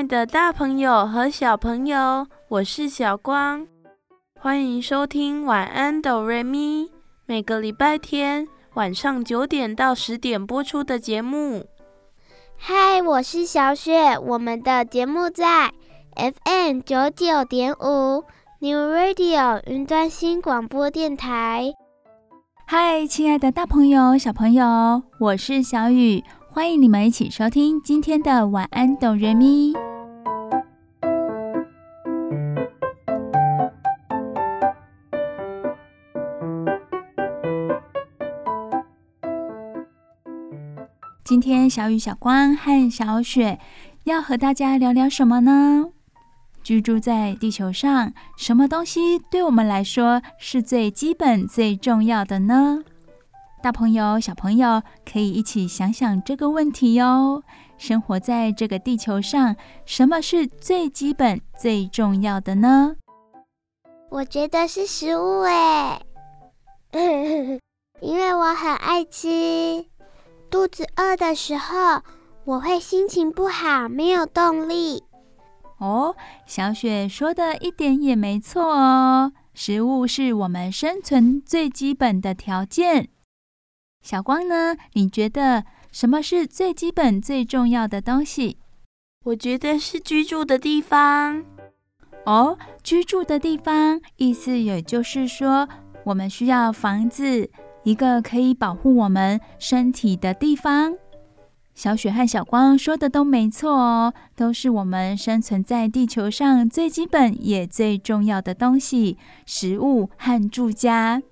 親愛的大朋友和小朋友，我是小光，歡迎收聽《晚安 Do Re Mi》，每個禮拜天晚上九點到十點播出的節目。嗨，我是小雪，我們的節目在 FM 九九點五 New Radio 雲端新廣播電台。嗨，親愛的大朋友、小朋友，我是小雨，歡迎你們一起收聽今天的《晚安 Do Re Mi》。今天小雨、小光和小雪要和大家聊聊什麼呢？居住在地球上，什麼東西對我們來說是最基本、最重要的呢？大朋友、小朋友可以一起想想這個問題喲。生活在這個地球上，什麼是最基本、最重要的呢？我覺得是食物誒， 因為我很愛吃。肚子餓的時候，我會心情不好，沒有動力。哦，小雪說的一點也沒錯哦。食物是我們生存最基本的條件。小光呢？你覺得什麼是最基本、最重要的東西？我覺得是居住的地方。哦，居住的地方，意思也就是說，我們需要房子。一個可以保護我們身體的地方，小雪和小光說的都沒錯哦，都是我們生存在地球上最基本也最重要的東西——食物和住家。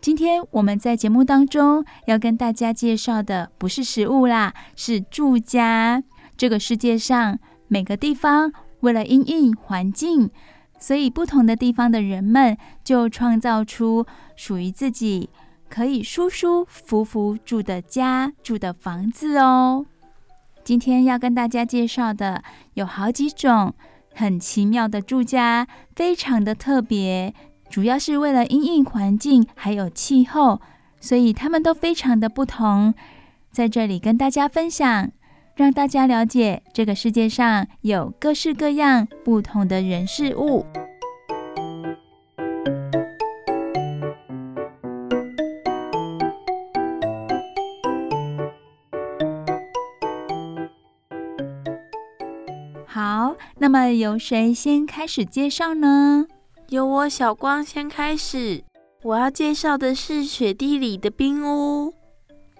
今天我們在節目當中要跟大家介紹的不是食物啦，是住家。這個世界上每個地方為了因應環境，所以不同的地方的人們就創造出屬於自己。可以舒舒服服住的家，住的房子哦。今天要跟大家介紹的有好幾種很奇妙的住家，非常的特別，主要是為了因應環境還有氣候，所以它們都非常的不同。在這裡跟大家分享，讓大家了解這個世界上有各式各樣不同的人事物。那麼，由誰先開始介紹呢？由我小光先開始。我要介紹的是雪地裡的冰屋。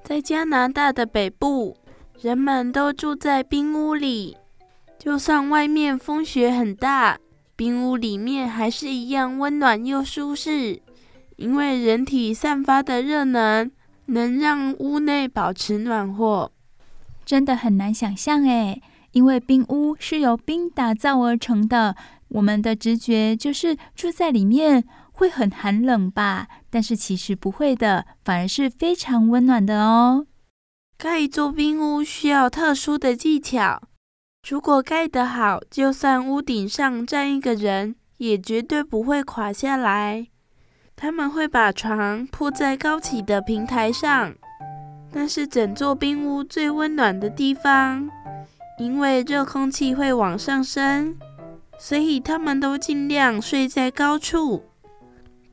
在加拿大的北部，人們都住在冰屋裡。就算外面風雪很大，冰屋裡面還是一樣溫暖又舒適。因為人體散發的熱能能讓屋內保持暖和。真的很難想象欸。因為冰屋是由冰打造而成的，我們的直覺就是住在裡面會很寒冷吧？但是其實不會的，反而是非常溫暖的哦。蓋一座冰屋需要特殊的技巧，如果蓋得好，就算屋頂上站一個人，也絕對不會垮下來。他們會把床鋪在高起的平台上，那是整座冰屋最溫暖的地方。因為熱空氣會往上升，所以他們都盡量睡在高處。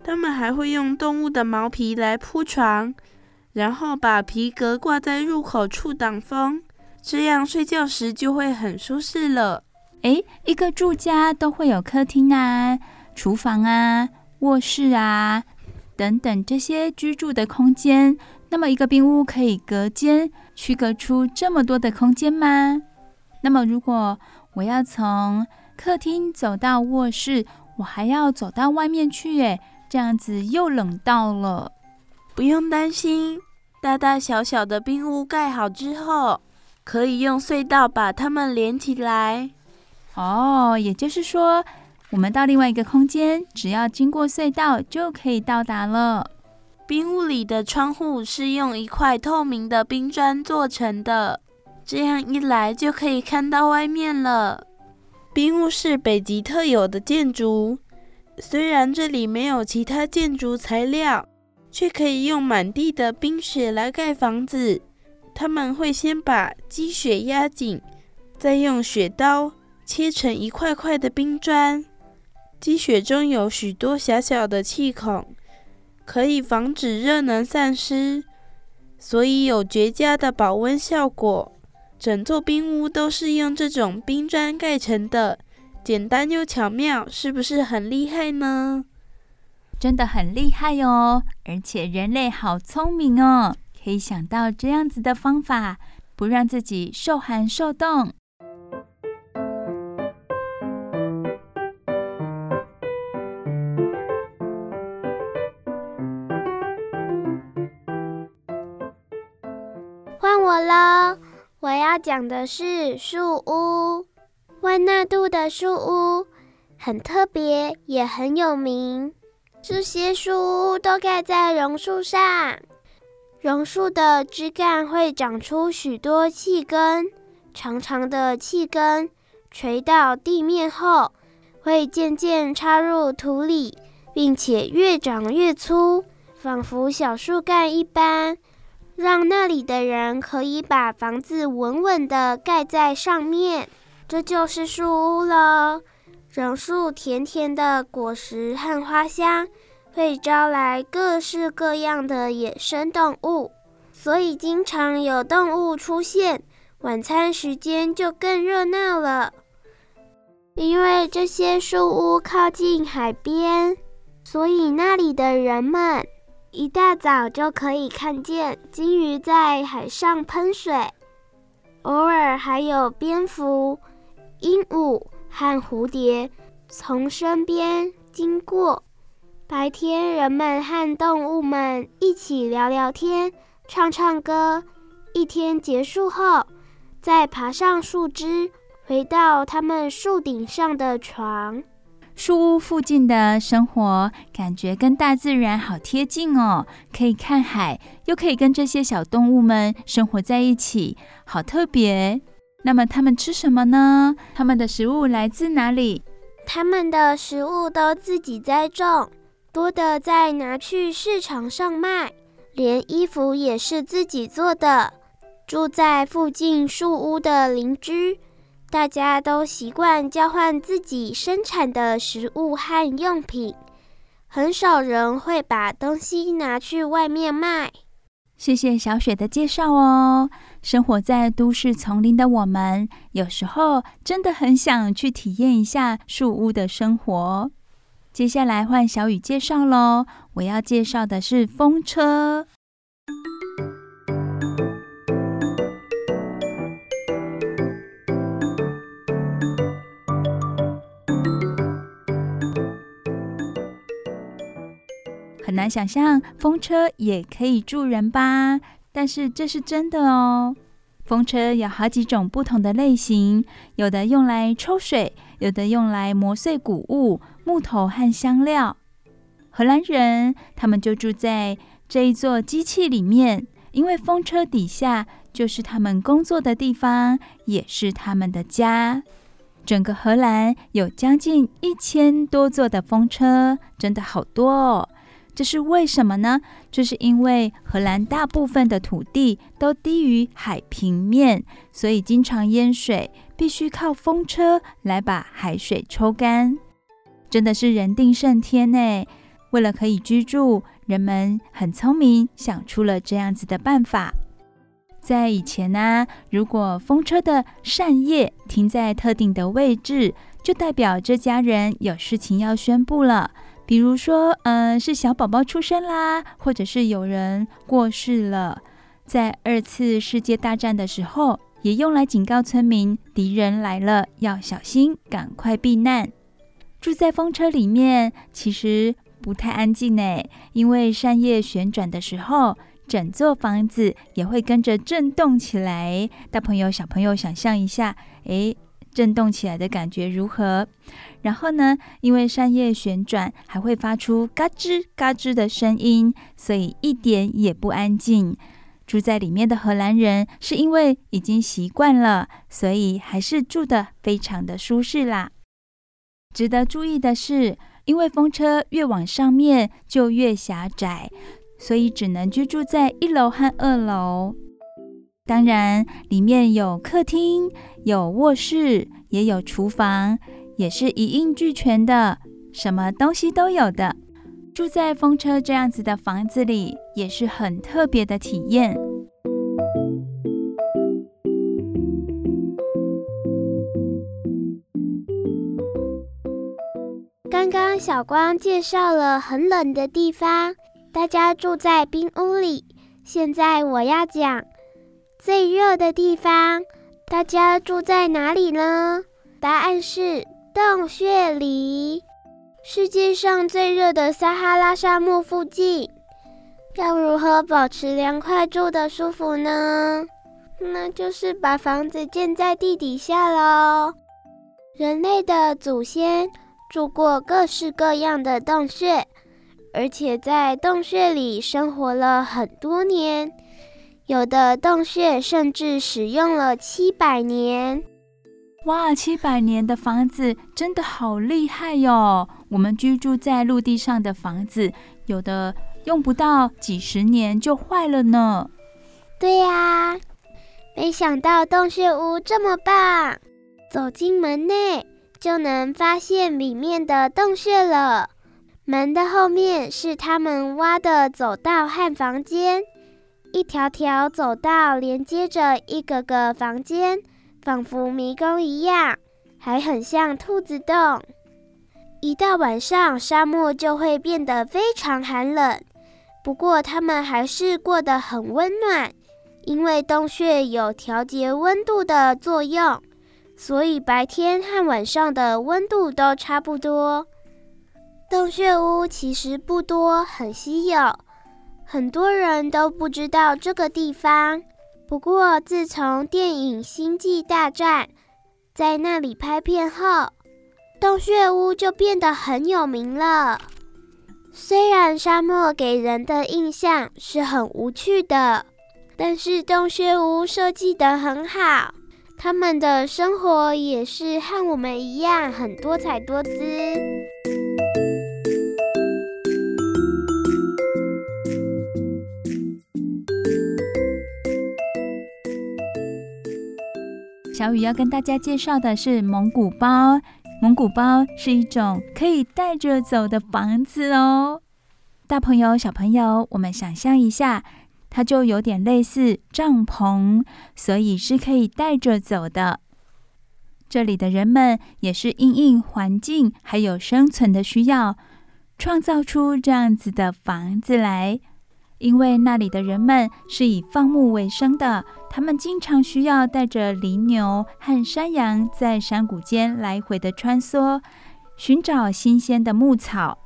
他們還會用動物的毛皮來鋪床，然後把皮革掛在入口處擋風，這樣睡覺時就會很舒適了。誒，一個住家都會有客廳啊、廚房啊、臥室啊等等這些居住的空間，那麼一個冰屋可以隔間區隔出這麼多的空間嗎？那麼，如果我要從客廳走到臥室，我還要走到外面去耶，這樣子又冷到了。不用擔心，大大小小的冰屋蓋好之後，可以用隧道把它們連起來。哦，也就是說，我們到另外一個空間，只要經過隧道就可以到達了。冰屋裡的窗戶是用一塊透明的冰磚做成的。這樣一來就可以看到外面了。冰屋是北極特有的建築，雖然這裡沒有其他建築材料，卻可以用滿地的冰雪來蓋房子。他們會先把積雪壓緊，再用雪刀切成一塊塊的冰磚。積雪中有許多小小的氣孔，可以防止熱能散失，所以有絕佳的保溫效果。整座冰屋都是用這種冰磚蓋成的，簡單又巧妙，是不是很厲害呢？真的很厲害哦！而且人類好聰明哦，可以想到這樣子的方法，不讓自己受寒受凍。它講的是樹屋，萬那杜的樹屋很特別，也很有名。這些樹屋都蓋在榕樹上，榕樹的枝幹會長出許多氣根，長長的氣根垂到地面後，會漸漸插入土裡，並且越長越粗，仿佛小樹幹一般。讓那裡的人可以把房子穩穩地蓋在上面，這就是樹屋咯。榕樹甜甜的果實和花香會招來各式各樣的野生動物，所以經常有動物出現，晚餐時間就更熱鬧了，因為這些樹屋靠近海邊，所以那裡的人們，一大早就可以看見鯨魚在海上噴水，偶爾還有蝙蝠、鸚鵡和蝴蝶從身邊經過。白天，人們和動物們一起聊聊天、唱唱歌。一天結束後，再爬上樹枝，回到他們樹頂上的床。樹屋附近的生活感覺跟大自然好貼近哦，可以看海，又可以跟這些小動物們生活在一起，好特別。那麼它們吃什麼呢？它們的食物來自哪裡？他們的食物都自己栽種，多的再拿去市場上賣，連衣服也是自己做的。住在附近樹屋的鄰居，大家都習慣交換自己生產的食物和用品，很少人會把東西拿去外面賣。謝謝小雪的介紹哦。生活在都市叢林的我們，有時候真的很想去體驗一下樹屋的生活。接下來換小雨介紹嘍，我要介紹的是風車。難想象風車也可以住人吧？但是這是真的哦。風車有好幾種不同的類型，有的用來抽水，有的用來磨碎穀物、木頭和香料。荷蘭人他們就住在這一座機器裡面，因為風車底下就是他們工作的地方，也是他們的家。整個荷蘭有將近一千多座的風車，真的好多哦。這是為什麼呢？這、就是因為荷蘭大部分的土地都低於海平面，所以經常淹水，必須靠風車來把海水抽乾。真的是人定勝天呢！為了可以居住，人們很聰明，想出了這樣子的辦法。在以前呢、啊，如果風車的扇葉停在特定的位置，就代表這家人有事情要宣布了。比如說，嗯、呃，是小寶寶出生啦，或者是有人過世了，在二次世界大戰的時候，也用來警告村民，敵人來了要小心，趕快避難。住在風車裡面其實不太安靜呢，因為扇葉旋轉的時候，整座房子也會跟着震動起來。大朋友、小朋友，想象一下，誒。震動起來的感覺如何？然後呢，因為扇葉旋轉還會發出嘎吱嘎吱的聲音，所以一點也不安靜。住在裡面的荷蘭人是因為已經習慣了，所以還是住得非常的舒適啦。值得注意的是，因為風車越往上面就越狹窄，所以只能居住在一樓和二樓。當然，裡面有客廳，有臥室，也有廚房，也是一應俱全的，什麼東西都有的。住在風車這樣子的房子裡，也是很特別的體驗。剛剛小光介紹了很冷的地方，大家住在冰屋裡，現在我要講。最熱的地方，大家住在哪裡呢？答案是洞穴裡。世界上最熱的撒哈拉沙漠附近，要如何保持涼快、住得舒服呢？那就是把房子建在地底下嘍。人類的祖先住過各式各樣的洞穴，而且在洞穴裡生活了很多年。有的洞穴甚至使用了七百年！哇，七百年的房子真的好厲害喲！我們居住在陸地上的房子，有的用不到幾十年就壞了呢。對呀，沒想到洞穴屋這麼棒！走進門內，就能發現裡面的洞穴了。門的後面是他們挖的走道和房間。一條條走道連接着一個個房間，仿佛迷宮一樣，還很像兔子洞。一到晚上，沙漠就會變得非常寒冷。不過，他們還是過得很溫暖，因為洞穴有調節溫度的作用，所以白天和晚上的溫度都差不多。洞穴屋其實不多，很稀有。很多人都不知道這個地方，不過自從電影《星際大戰》在那裡拍片後，洞穴屋就變得很有名了。雖然沙漠給人的印象是很無趣的，但是洞穴屋設計得很好，他們的生活也是和我們一樣很多彩多姿。小雨要跟大家介紹的是蒙古包。蒙古包是一種可以帶着走的房子哦。大朋友、小朋友，我們想象一下，它就有點類似帳篷，所以是可以帶着走的。這裡的人們也是因應環境還有生存的需要，創造出這樣子的房子來。因為那裡的人們是以放牧為生的。他們經常需要帶着羚牛和山羊在山谷間來回的穿梭，尋找新鮮的牧草，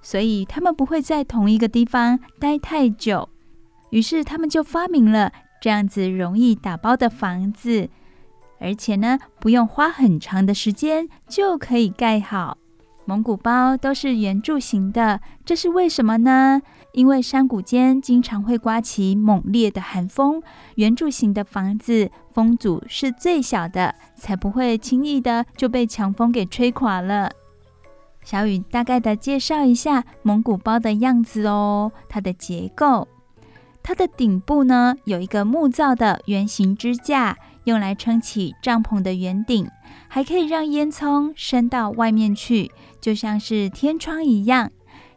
所以他們不會在同一個地方待太久。於是他們就發明了這樣子容易打包的房子，而且呢，不用花很長的時間就可以蓋好。蒙古包都是圓柱形的，這是為什麼呢？因為山谷間經常會颳起猛烈的寒風，圓柱形的房子風阻是最小的，才不會輕易的就被強風給吹垮了。小雨大概的介紹一下蒙古包的樣子哦，它的結構，它的頂部呢，有一個木造的圓形支架，用來撐起帳篷的圓頂，還可以讓煙囪伸到外面去，就像是天窗一樣。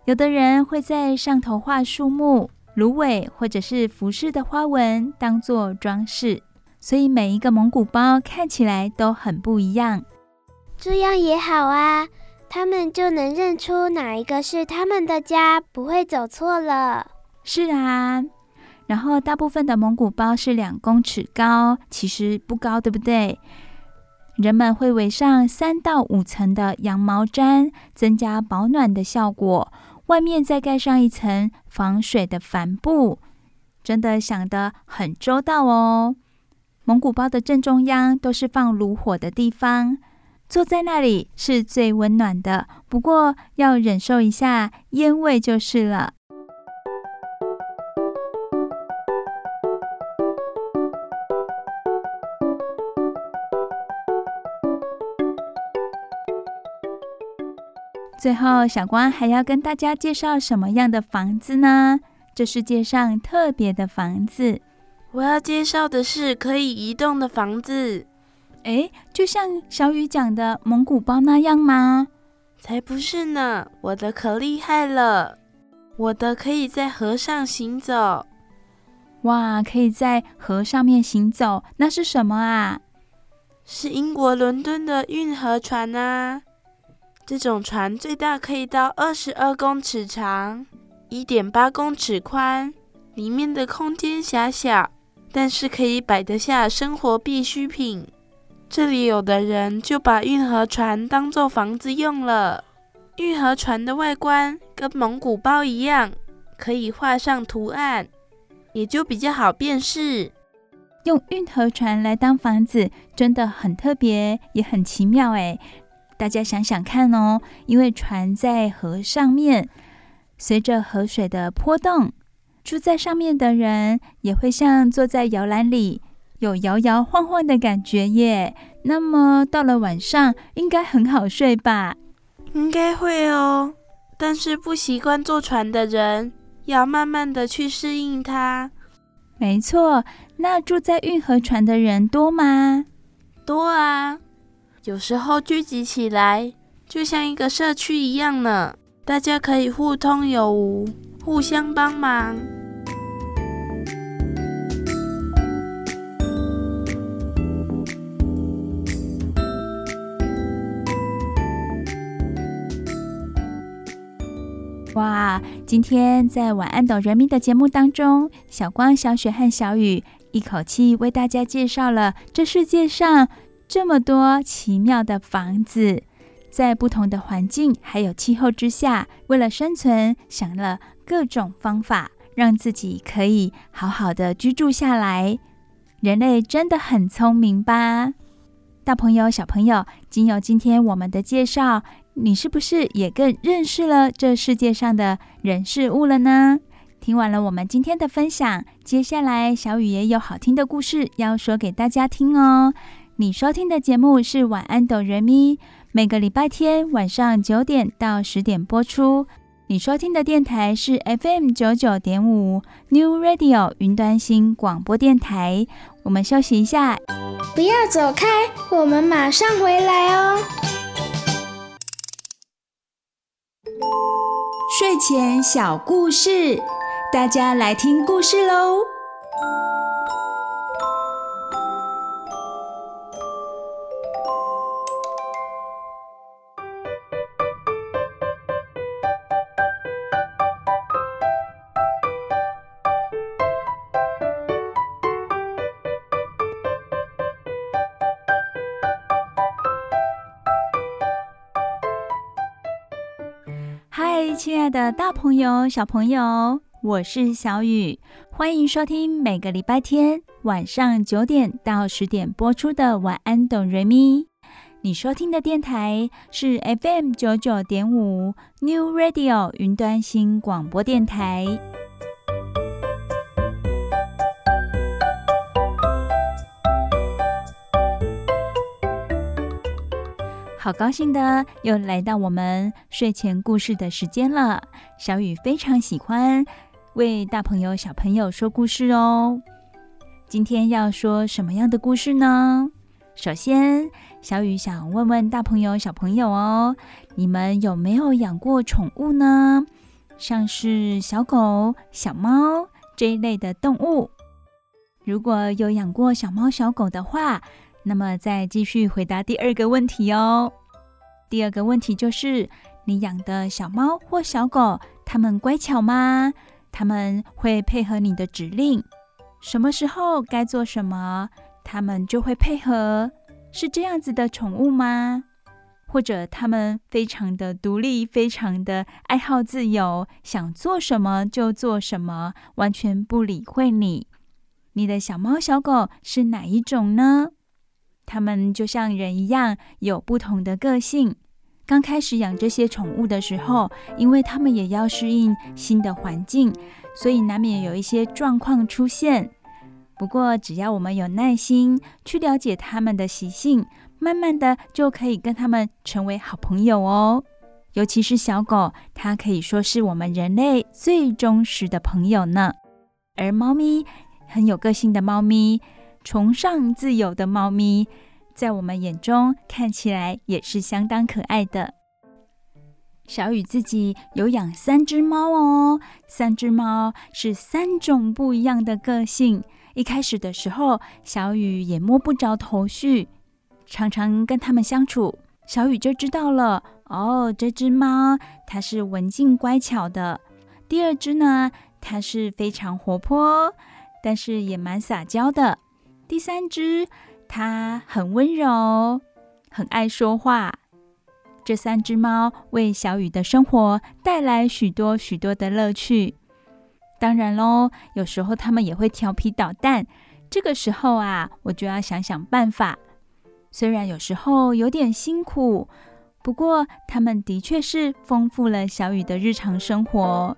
有的人會在上頭畫樹木、蘆葦或者是服飾的花紋，當做裝飾，所以每一個蒙古包看起來都很不一樣。這樣也好啊，他們就能認出哪一個是他們的家，不會走錯了。是啊，然後大部分的蒙古包是兩公尺高，其實不高，對不對？人們會圍上三到五層的羊毛氈，增加保暖的效果。外面再蓋上一層防水的帆布，真的想得很周到哦。蒙古包的正中央都是放爐火的地方，坐在那裡是最溫暖的，不過要忍受一下煙味就是了。最後，小光還要跟大家介紹什麼樣的房子呢？這是世界上特別的房子。我要介紹的是可以移動的房子。哎，就像小雨講的蒙古包那樣嗎？才不是呢！我的可厲害了，我的可以在河上行走。哇，可以在河上面行走，那是什麼啊？是英國倫敦的運河船啊。這種船最大可以到二十二公尺長，一點八公尺寬，裡面的空間狹小，但是可以擺得下生活必需品。這裡有的人就把運河船當做房子用了。運河船的外觀跟蒙古包一樣，可以畫上圖案，也就比較好辨識。用運河船來當房子，真的很特別，也很奇妙誒。大家想想看哦，因為船在河上面，隨着河水的波動，住在上面的人也會像坐在搖籃裡，有搖搖晃晃的感覺耶。那麼到了晚上，應該很好睡吧？應該會哦，但是不習慣坐船的人要慢慢的去適應它。沒錯，那住在運河船的人多嗎？多啊。有時候聚集起來，就像一個社區一樣呢，大家可以互通有無，互相幫忙。哇，今天在《晚安 Do Re Mi》的節目當中，小光、小雪和小雨一口氣為大家介紹了這世界上。這麼多奇妙的房子，在不同的環境還有氣候之下，為了生存，想了各種方法，讓自己可以好好的居住下來。人類真的很聰明吧？大朋友、小朋友，經由今天我們的介紹，你是不是也更認識了這世界上的人事物了呢？聽完了我們今天的分享，接下來小雨也有好聽的故事要說給大家聽哦。你收聽的節目是《晚安，Do Re Mi》，每個禮拜天晚上九點到十點播出。你收聽的電台是 FM 九九點五 New Radio 雲端新廣播電台。我們休息一下，不要走開，我們馬上回來哦。睡前小故事，大家來聽故事嘍。親愛的大朋友、小朋友，我是小雨，歡迎收聽每個禮拜天晚上九點到十點播出的《晚安，Do Re Mi》。你收聽的電台是 FM 九九點五 New Radio 雲端新廣播電台。好高興的，又來到我們睡前故事的時間了。小雨非常喜歡為大朋友、小朋友說故事哦。今天要說什麼樣的故事呢？首先，小雨想問問大朋友、小朋友哦，你們有沒有養過寵物呢？像是小狗、小貓這一類的動物。如果有養過小貓、小狗的話，那麼，再繼續回答第二個問題哦。第二個問題就是：你養的小貓或小狗，它們乖巧嗎？它們會配合你的指令，什麼時候該做什麼，它們就會配合，是這樣子的寵物嗎？或者它們非常的獨立，非常的愛好自由，想做什麼就做什麼，完全不理會你？你的小貓小狗是哪一種呢？它們就像人一樣，有不同的個性。剛開始養這些寵物的時候，因為它們也要適應新的環境，所以難免也有一些狀況出現。不過，只要我們有耐心去了解它們的習性，慢慢的就可以跟它們成為好朋友哦。尤其是小狗，它可以說是我們人類最忠實的朋友呢。而貓咪，很有個性的貓咪。崇尚自由的貓咪，在我們眼中看起來也是相當可愛的。小雨自己有養三隻貓哦，三隻貓是三種不一樣的個性。一開始的時候，小雨也摸不着頭緒，常常跟它們相處，小雨就知道了哦。這隻貓它是文靜乖巧的，第二隻呢，它是非常活潑，但是也蠻撒嬌的。第三隻，它很溫柔，很愛說話。這三隻貓為小雨的生活帶來許多許多的樂趣。當然嘍，有時候它們也會調皮搗蛋。這個時候啊，我就要想想辦法。雖然有時候有點辛苦，不過它們的確是豐富了小雨的日常生活。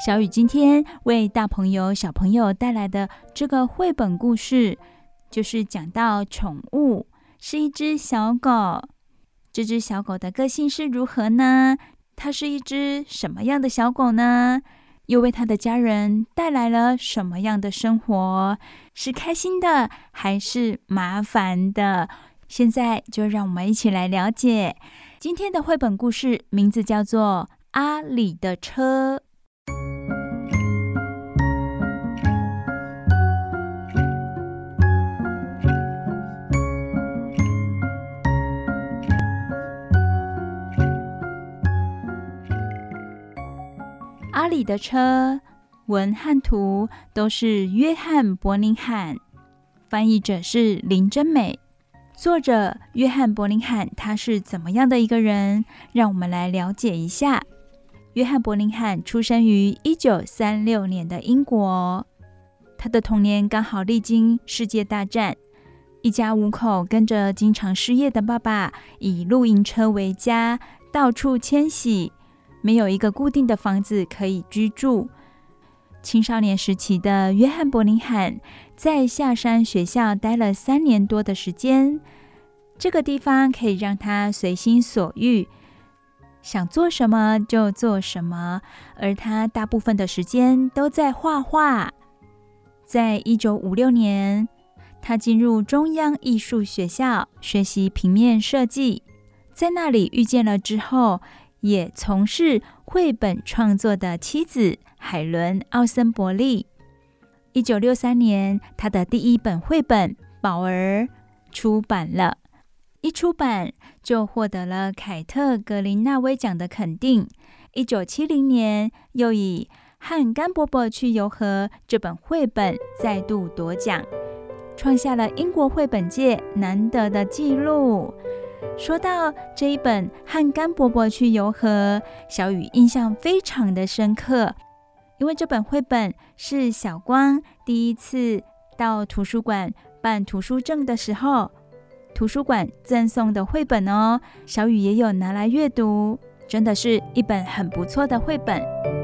小雨今天為大朋友、小朋友帶來的這個繪本故事，就是講到寵物是一隻小狗。這隻小狗的個性是如何呢？它是一隻什麼樣的小狗呢？又為它的家人帶來了什麼樣的生活？是開心的還是麻煩的？現在就讓我們一起來了解今天的繪本故事，名字叫做《阿里的車》。阿里的車文漢圖都是約翰·伯寧漢，翻譯者是林真美，作者約翰·伯寧漢他是怎麼樣的一個人？讓我們來了解一下。約翰·伯寧漢出生於一九三六年的英國，他的童年剛好歷經世界大戰，一家五口跟着經常失業的爸爸，以露營車為家，到處遷徙。沒有一個固定的房子可以居住。青少年時期的約翰·伯林漢在夏山學校待了三年多的時間。這個地方可以讓他隨心所欲，想做什麼就做什麼。而他大部分的時間都在畫畫。在一九五六年，他進入中央藝術學校學習平面設計，在那裡遇見了之後。也從事繪本創作的妻子海倫·奧森伯利，一九六三年，他的第一本繪本《寶兒》出版了，一出版就獲得了凱特·格林納威獎的肯定。一九七零年，又以《和甘伯伯去遊河》這本繪本再度奪獎，創下了英國繪本界難得的紀錄。說到這一本《漢干伯伯去遊河》，小雨印象非常的深刻，因為這本繪本是小光第一次到圖書館辦圖書證的時候，圖書館贈送的繪本哦。小雨也有拿來閱讀，真的是一本很不錯的繪本。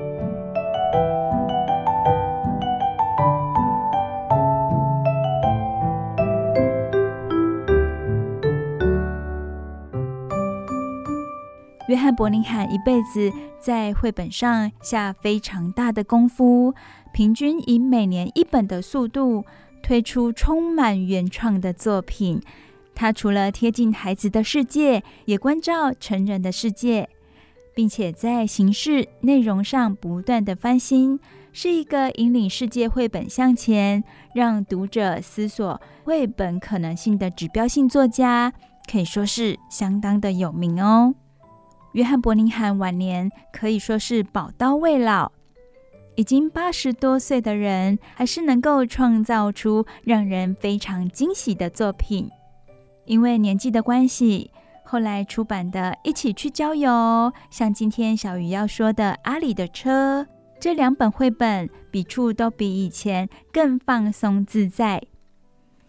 約翰·伯寧罕一輩子在繪本上下非常大的功夫，平均以每年一本的速度推出充滿原創的作品。他除了貼近孩子的世界，也關照成人的世界，並且在形式、內容上不斷的翻新，是一個引領世界繪本向前、讓讀者思索繪本可能性的指標性作家，可以說是相當的有名哦。約翰伯寧罕晚年可以說是寶刀未老，已經八十多歲的人，還是能夠創造出讓人非常驚喜的作品。因為年紀的關係，後來出版的《一起去郊遊》像今天小雨要說的《阿里的車》這兩本繪本，筆觸都比以前更放鬆自在。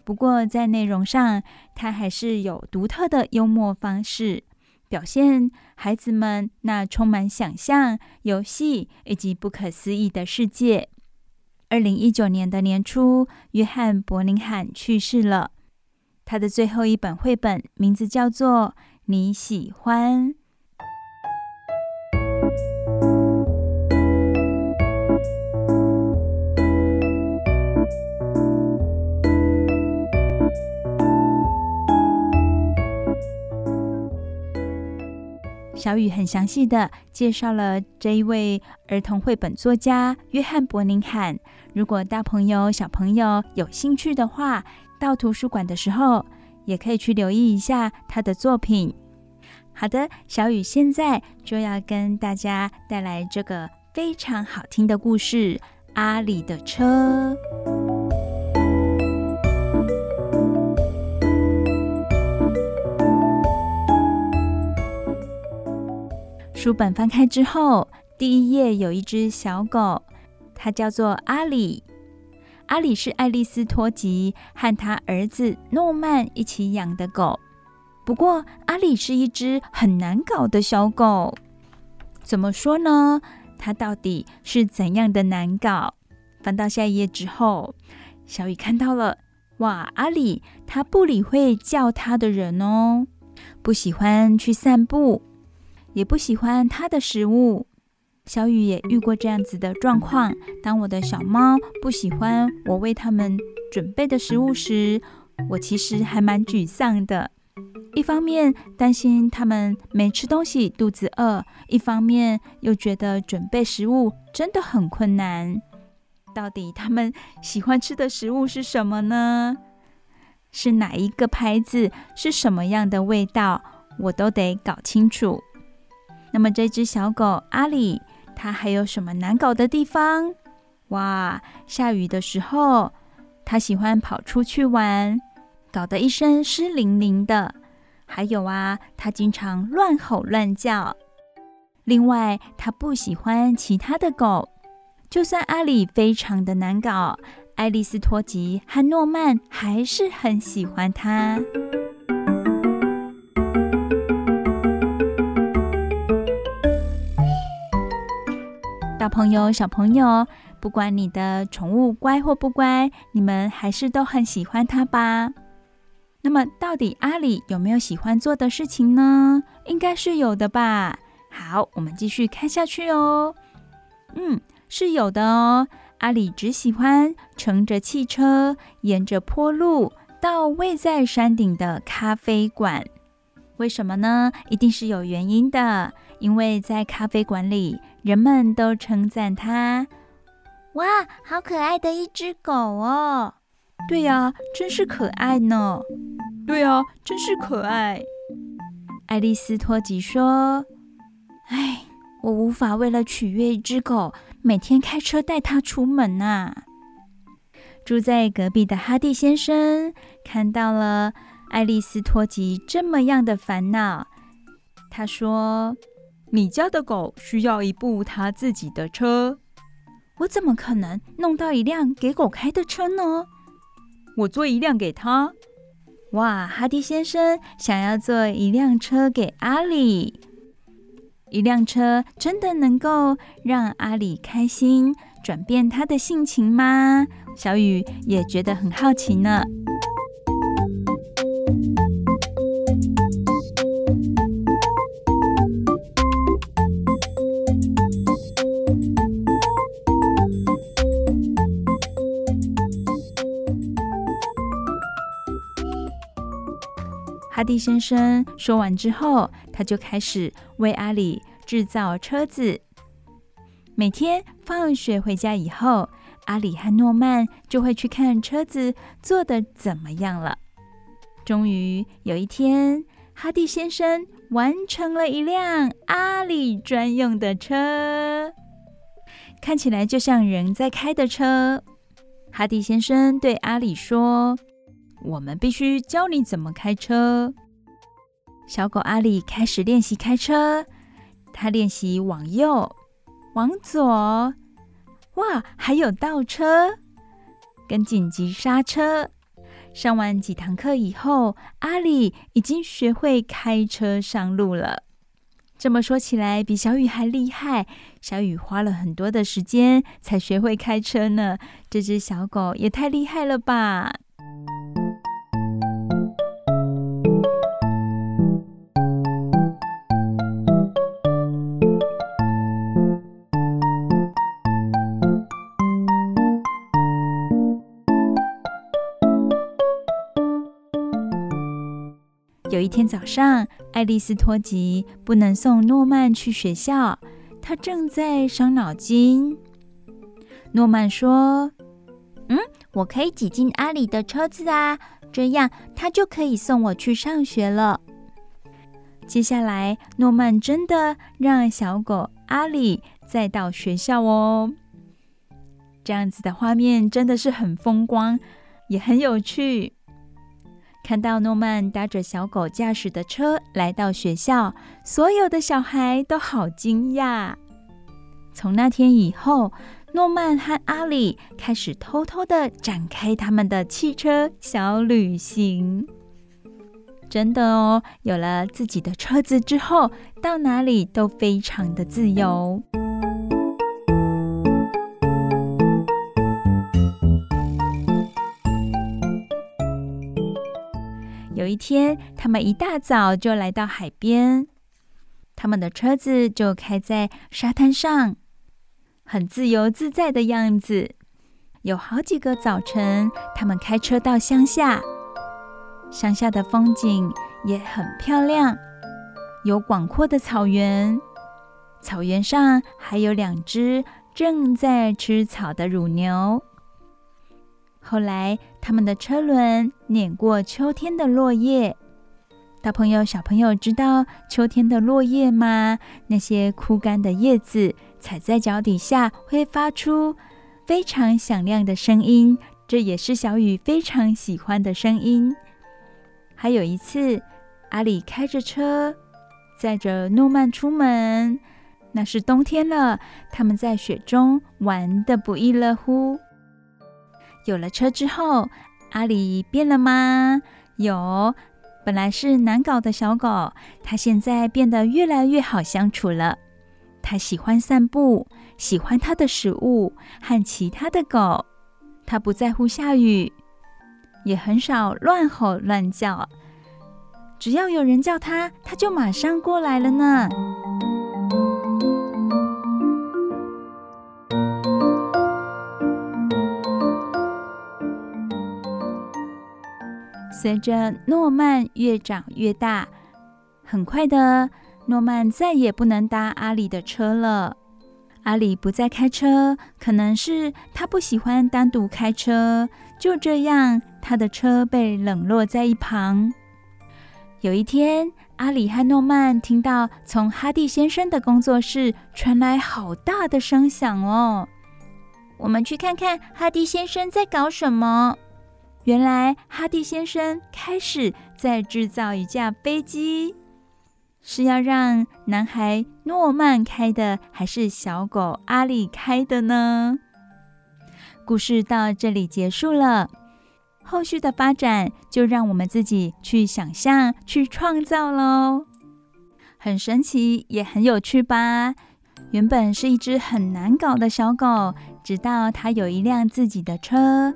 不過在內容上，他還是有獨特的幽默方式表現。孩子們那充滿想象、遊戲以及不可思議的世界。二零一九年的年初，約翰·伯寧罕去世了。他的最後一本繪本名字叫做《你喜歡》。小雨很詳細的介紹了這一位兒童繪本作家約翰伯寧罕。如果大朋友、小朋友有興趣的話，到圖書館的時候也可以去留意一下他的作品。好的，小雨現在就要跟大家帶來這個非常好聽的故事《阿里的車》。書本翻開之後，第一頁有一隻小狗，它叫做阿里。阿里是愛麗絲托吉和她兒子諾曼一起養的狗。不過，阿里是一隻很難搞的小狗。怎麼說呢？它到底是怎樣的難搞？翻到下一頁之後，小雨看到了，哇！阿里它不理會叫它的人哦，不喜歡去散步。也不喜歡它的食物。小雨也遇過這樣子的狀況，當我的小貓不喜歡我為它們準備的食物時，我其實還蠻沮喪的。一方面擔心它們沒吃東西肚子餓，一方面又覺得準備食物真的很困難。到底它們喜歡吃的食物是什麼呢？是哪一個牌子？是什麼樣的味道？我都得搞清楚。那麼這隻小狗阿里，它還有什麼難搞的地方？哇，下雨的時候，它喜歡跑出去玩，搞得一身濕淋淋的。還有啊，它經常亂吼亂叫。另外，它不喜歡其他的狗。就算阿里非常的難搞，愛麗絲托吉和諾曼還是很喜歡它。小朋友，小朋友，不管你的寵物乖或不乖，你們還是都很喜歡它吧？那麼，到底阿里有沒有喜歡做的事情呢？應該是有的吧。好，我們繼續看下去哦。嗯，是有的哦。阿里只喜歡乘着汽車，沿着坡路到位在山頂的咖啡館。為什麼呢？一定是有原因的。因為在咖啡館裡，人們都稱讚它。哇，好可愛的一隻狗哦！對呀，真是可愛呢。對呀，真是可愛。愛麗絲托吉說：“唉，我無法為了取悅一隻狗，每天開車帶它出門啊。”住在隔壁的哈蒂先生看到了愛麗絲托吉這麼樣的煩惱，他說，你家的狗需要一部它自己的車。我怎麼可能弄到一輛給狗開的車呢？我做一輛給他。哇，哈迪先生想要做一輛車給阿里，一輛車真的能夠讓阿里開心，轉變他的性情嗎？小雨也覺得很好奇呢。哈迪先生說完之後，他就開始為阿里製造車子。每天放學回家以後，阿里和諾曼就會去看車子做的怎麼樣了。終於有一天，哈迪先生完成了一輛阿里專用的車，看起來就像人在開的車。哈迪先生對阿里說：我們必須教你怎麼開車。小狗阿里開始練習開車，他練習往右、往左，哇，還有倒車跟緊急剎車。上完幾堂課以後，阿里已經學會開車上路了。這麼說起來，比小雨還厲害。小雨花了很多的時間才學會開車呢，這隻小狗也太厲害了吧！早上，愛麗絲托吉不能送諾曼去學校，他正在傷腦筋。諾曼說：“嗯，我可以擠進阿里的車子啊，這樣他就可以送我去上學了。”接下來，諾曼真的讓小狗阿里載到學校哦。這樣子的畫面真的是很風光，也很有趣。看到諾曼搭着小狗駕駛的車來到學校，所有的小孩都好驚訝。從那天以後，諾曼和阿裡開始偷偷地展開他們的汽車小旅行。真的哦，有了自己的車子之後，到哪裡都非常的自由。有一天，他們一大早就來到海邊，他們的車子就開在沙灘上，很自由自在的樣子。有好幾個早晨，他們開車到鄉下，鄉下的風景也很漂亮，有廣闊的草原，草原上還有兩隻正在吃草的乳牛。後來，他們的車輪碾過秋天的落葉。大朋友、小朋友知道秋天的落葉嗎？那些枯乾的葉子，踩在腳底下會發出非常響亮的聲音，這也是小雨非常喜歡的聲音。還有一次，阿里開着車載着諾曼出門，那是冬天了，他們在雪中玩得不亦樂乎。有了車之後，阿里變了嗎？有，本來是難搞的小狗，它現在變得越來越好相處了。它喜歡散步，喜歡它的食物和其他的狗。它不在乎下雨，也很少亂吼亂叫。只要有人叫它，它就馬上過來了呢。隨着諾曼越長越大，很快的，諾曼再也不能搭阿里的車了。阿里不再開車，可能是他不喜歡單獨開車。就這樣，他的車被冷落在一旁。有一天，阿裡和諾曼聽到從哈迪先生的工作室傳來好大的聲響哦，我們去看看哈迪先生在搞什麼。原來哈蒂先生開始在製造一架飛機，是要讓男孩諾曼開的，還是小狗阿里開的呢？故事到這裡結束了，後續的發展就讓我們自己去想象、去創造嘍。很神奇，也很有趣吧？原本是一隻很難搞的小狗，直到它有一輛自己的車。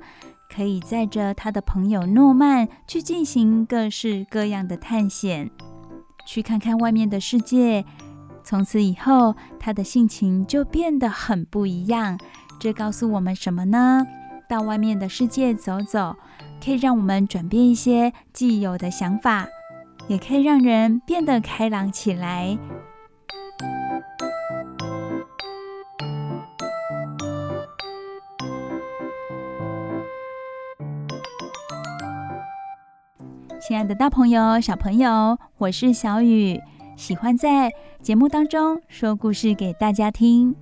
可以載着他的朋友諾曼去進行各式各樣的探險，去看看外面的世界。從此以後，他的性情就變得很不一樣。這告訴我們什麼呢？到外面的世界走走，可以讓我們轉變一些既有的想法，也可以讓人變得開朗起來。親愛的，大朋友、小朋友，我是小雨，喜歡在節目當中說故事給大家聽。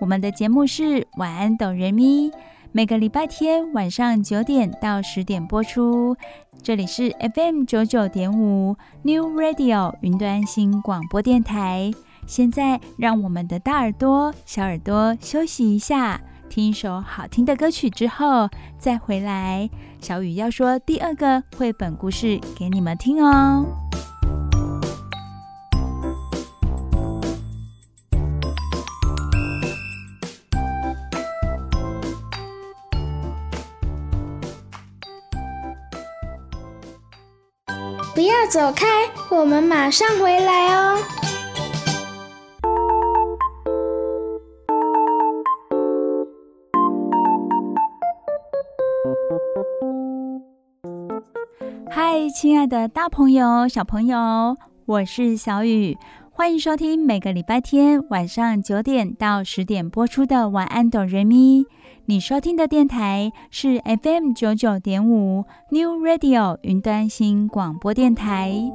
我們的節目是《晚安，Do Re Mi》，每個禮拜天晚上九點到十點播出。這裡是 FM 九九點五 New Radio 雲端新廣播電台。現在讓我們的大耳朵、小耳朵休息一下。聽一首好聽的歌曲之後，再回來，小雨要說第二個繪本故事給你們聽哦。不要走開，我們馬上回來哦。嗨，親愛的大朋友、小朋友，我是小雨，歡迎收聽每個禮拜天晚上九點到十點播出的《晚安，Do Re Mi》。你收聽的電臺是 FM 九九點五 New Radio 雲端新廣播電臺。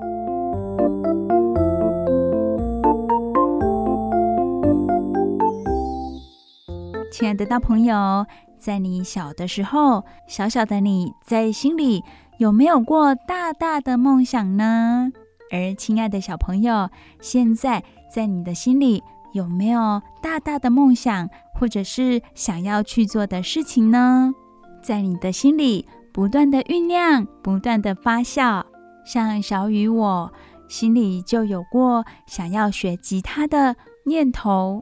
親愛的大朋友，在你小的時候，小小的你在心裡，有沒有過大大的夢想呢？而親愛的小朋友，現在在你的心裡有沒有大大的夢想，或者是想要去做的事情呢？在你的心裡不斷的醞釀，不斷的發酵，像小雨我，我心裡就有過想要學吉他的念頭。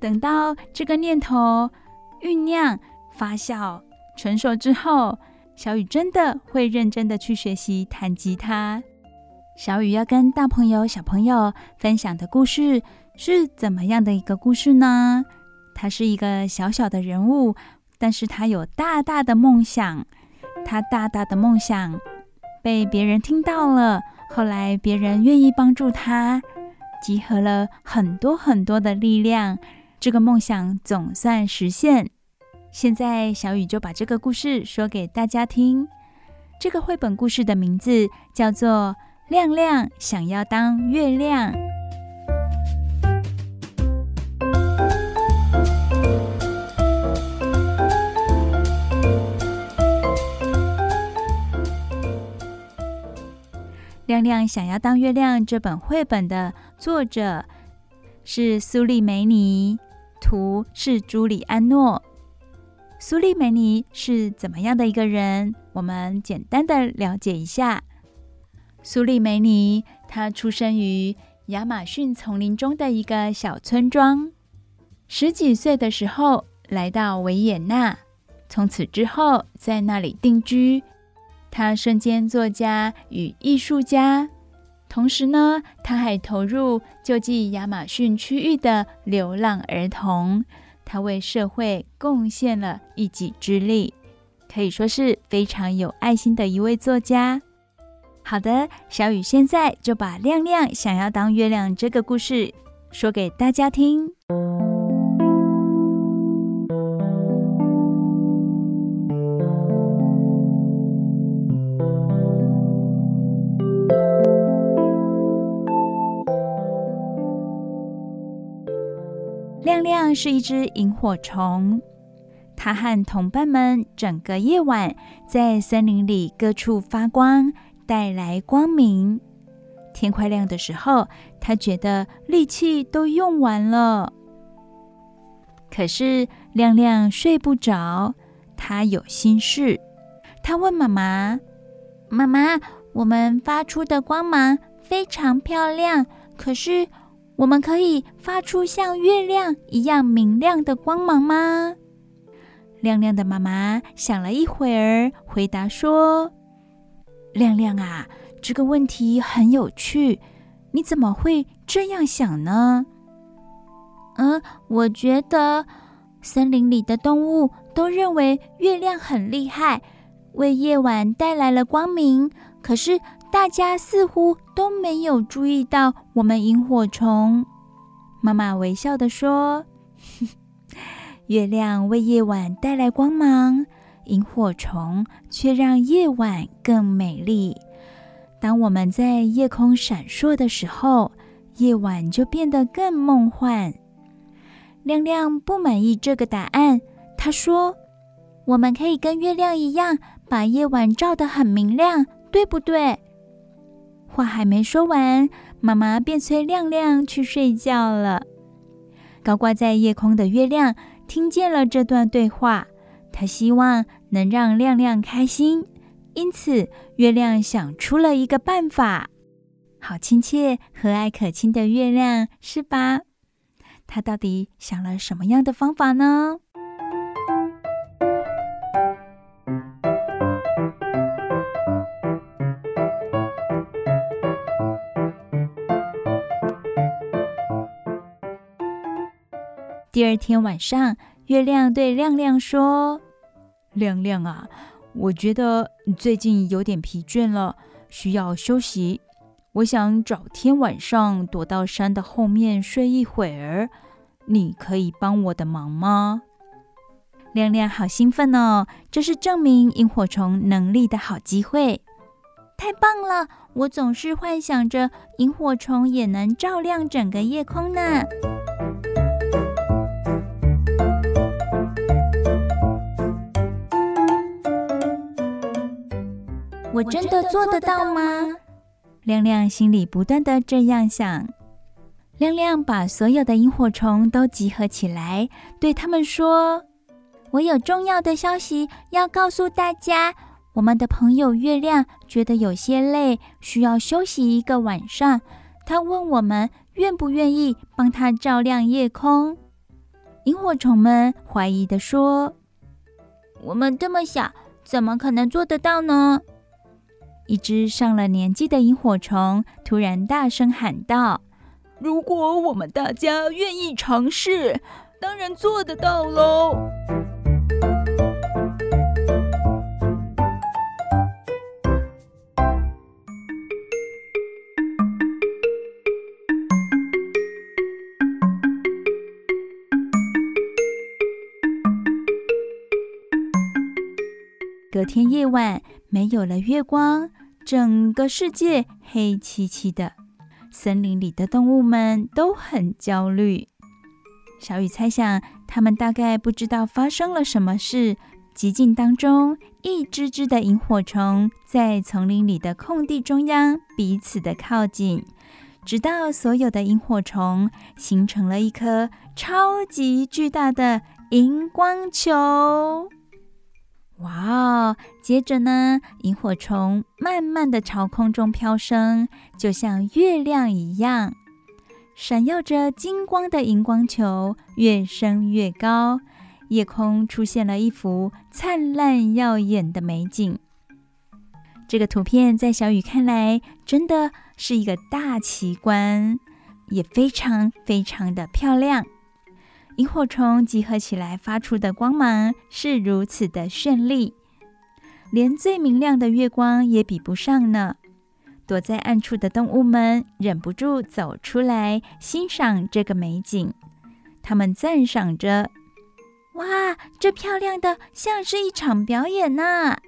等到這個念頭醞釀、發酵、成熟之後，小雨真的會認真的去學習彈吉他。小雨要跟大朋友、小朋友分享的故事是怎麼樣的一個故事呢？他是一個小小的人物，但是他有大大的夢想。他大大的夢想被別人聽到了，後來別人願意幫助他，集合了很多很多的力量，這個夢想總算實現。現在，小雨就把這個故事說給大家聽。這個繪本故事的名字叫做《亮亮想要當月亮》。《亮亮想要當月亮》這本繪本的作者是蘇利梅尼，圖是朱里安諾。蘇利梅尼是怎麼樣的一個人？我們簡單的了解一下。蘇利梅尼，他出生於亞馬遜叢林中的一個小村莊，十幾歲的時候來到維也納，從此之後在那裡定居。他身兼作家與藝術家，同時呢，他還投入救濟亞馬遜區域的流浪兒童。他為社會貢獻了一己之力，可以說是非常有愛心的一位作家。好的，小雨現在就把亮亮想要當月亮這個故事說給大家聽。亮是一隻螢火蟲，它和同伴們整個夜晚在森林裡各處發光，帶來光明。天快亮的時候，它覺得力氣都用完了。可是亮亮睡不着，他有心事。他問媽媽：“媽媽，我們發出的光芒非常漂亮，可是……”我們可以發出像月亮一樣明亮的光芒嗎？亮亮的媽媽想了一會兒，回答說：“亮亮啊，這個問題很有趣，你怎麼會這樣想呢？”嗯，我覺得森林裡的動物都認為月亮很厲害，為夜晚帶來了光明。可是。大家似乎都沒有注意到我們螢火蟲。媽媽微笑地說，呵呵：“月亮為夜晚帶來光芒，螢火蟲卻讓夜晚更美麗。當我們在夜空閃爍的時候，夜晚就變得更夢幻。”亮亮不滿意這個答案，他說：“我們可以跟月亮一樣，把夜晚照得很明亮，對不對？”話還沒說完，媽媽便催亮亮去睡覺了。高掛在夜空的月亮聽見了這段對話，它希望能讓亮亮開心，因此月亮想出了一個辦法。好親切、和藹可親的月亮，是吧？它到底想了什麼樣的方法呢？第二天晚上，月亮對亮亮說：“亮亮啊，我覺得你最近有點疲倦了，需要休息。我想找天晚上躲到山的後面睡一會兒，你可以幫我的忙嗎？”亮亮好興奮哦，這是證明螢火蟲能力的好機會。太棒了，我總是幻想着螢火蟲也能照亮整個夜空呢。我真，我真的做得到嗎？亮亮心裡不斷地這樣想。亮亮把所有的螢火蟲都集合起來，對他們說：“我有重要的消息要告訴大家。我們的朋友月亮覺得有些累，需要休息一個晚上。他問我們願不願意幫他照亮夜空。”螢火蟲們懷疑地說：“我們這麼小，怎麼可能做得到呢？”一只上了年紀的螢火蟲突然大聲喊道：“如果我們大家願意嘗試，當然做得到嘍。”隔天夜晚，沒有了月光。整個世界黑漆漆的，森林裡的動物們都很焦慮。小雨猜想，他們大概不知道發生了什麼事。寂靜當中，一隻隻的螢火蟲在叢林裡的空地中央彼此的靠近，直到所有的螢火蟲形成了一顆超級巨大的熒光球。哇哦！接着呢，螢火蟲慢慢的朝空中飄升，就像月亮一樣，閃耀着金光的熒光球越升越高，夜空出現了一幅燦爛耀眼的美景。這個圖片在小雨看來，真的是一個大奇觀，也非常非常的漂亮。螢火蟲集合起來發出的光芒是如此的絢麗，連最明亮的月光也比不上呢。躲在暗處的動物們忍不住走出來欣賞這個美景，他們讚賞着：“哇，這漂亮得像是一場表演呢，啊！”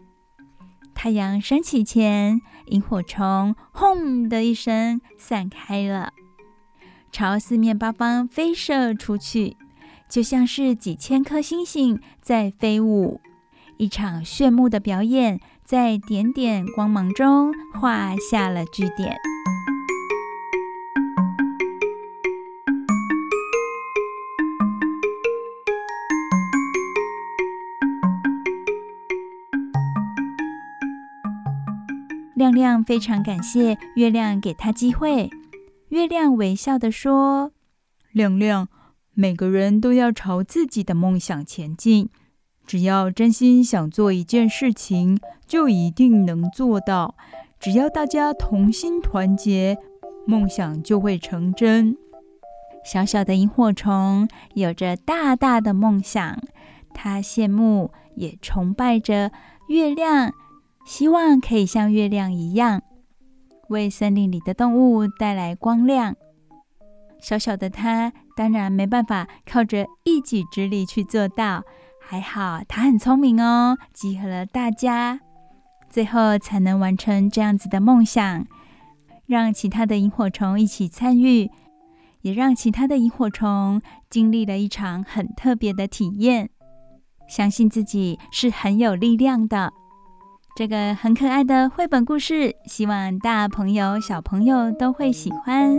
太陽升起前，螢火蟲“轟”的一聲散開了，朝四面八方飛射出去。就像是幾千顆星星在飛舞，一場炫目的表演在點點光芒中畫下了句點。亮亮非常感謝月亮給他機會，月亮微笑地說：“亮亮。”每個人都要朝自己的夢想前進。只要真心想做一件事情，就一定能做到。只要大家同心團結，夢想就會成真。小小的螢火蟲有着大大的夢想，它羨慕也崇拜着月亮，希望可以像月亮一樣，為森林裡的動物帶來光亮。小小的它。當然沒辦法靠着一己之力去做到，還好他很聰明哦，集合了大家，最後才能完成這樣子的夢想。讓其他的螢火蟲一起參與，也讓其他的螢火蟲經歷了一場很特別的體驗。相信自己是很有力量的。這個很可愛的繪本故事，希望大朋友小朋友都會喜歡。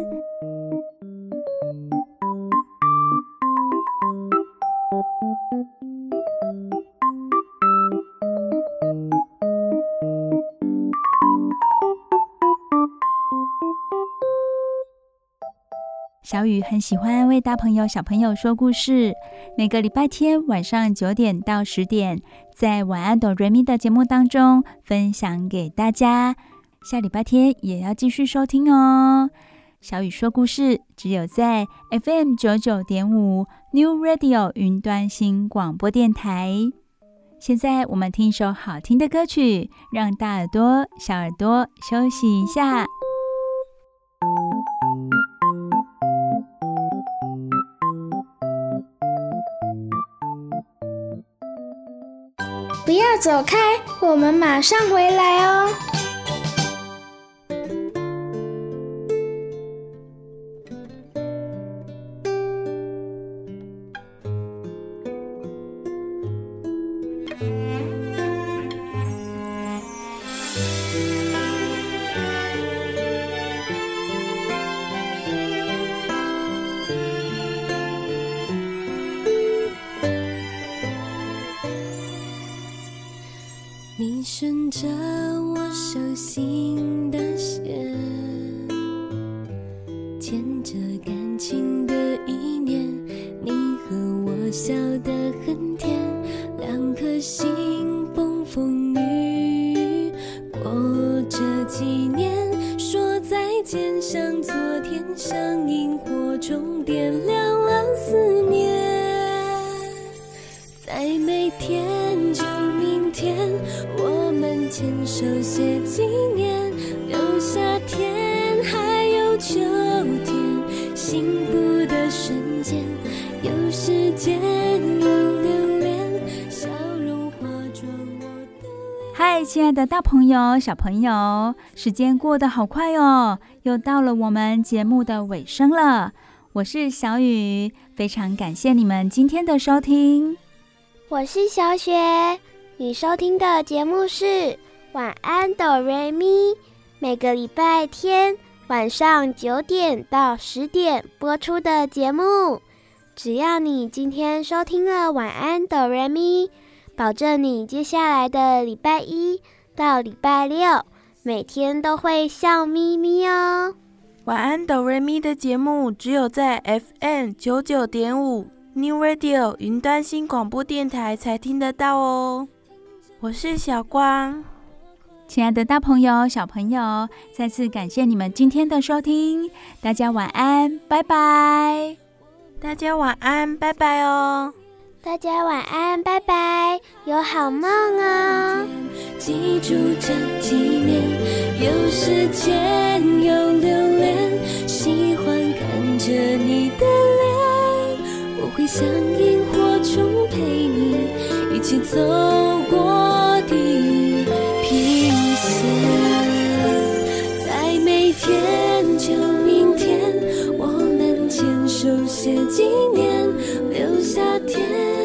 小雨很喜歡為大朋友、小朋友說故事。每個禮拜天晚上九點到十點，在晚安 Do Re Mi 的節目當中分享給大家。下禮拜天也要繼續收聽哦。小雨說故事，只有在 FM 九九點五 New Radio 雲端新廣播電台。現在我們聽一首好聽的歌曲，讓大耳朵、小耳朵休息一下。走開，我們馬上回來哦。嗨，親愛的大朋友、小朋友，時間過得好快哦，又到了我們節目的尾聲了。我是小雨，非常感謝你們今天的收聽。我是小雪，你收聽的節目是《晚安 Do Re Mi》，每個禮拜天晚上九點到十點播出的節目。只要你今天收聽了《晚安 Do Re Mi》。保證你接下來的禮拜一到禮拜六，每天都會笑眯眯哦。晚安，Do Re Mi 的節目只有在 FM 九九點五 New Radio 雲端新廣播電台才聽得到哦。我是小光，親愛的大朋友、小朋友，再次感謝你們今天的收聽。大家晚安，拜拜。大家晚安，拜拜哦。大家晚安，拜拜，有好夢哦。記住這幾年，有時間，有留戀，喜歡看着你的臉。我會像螢火蟲陪你一起走過地。手寫紀念，留下天。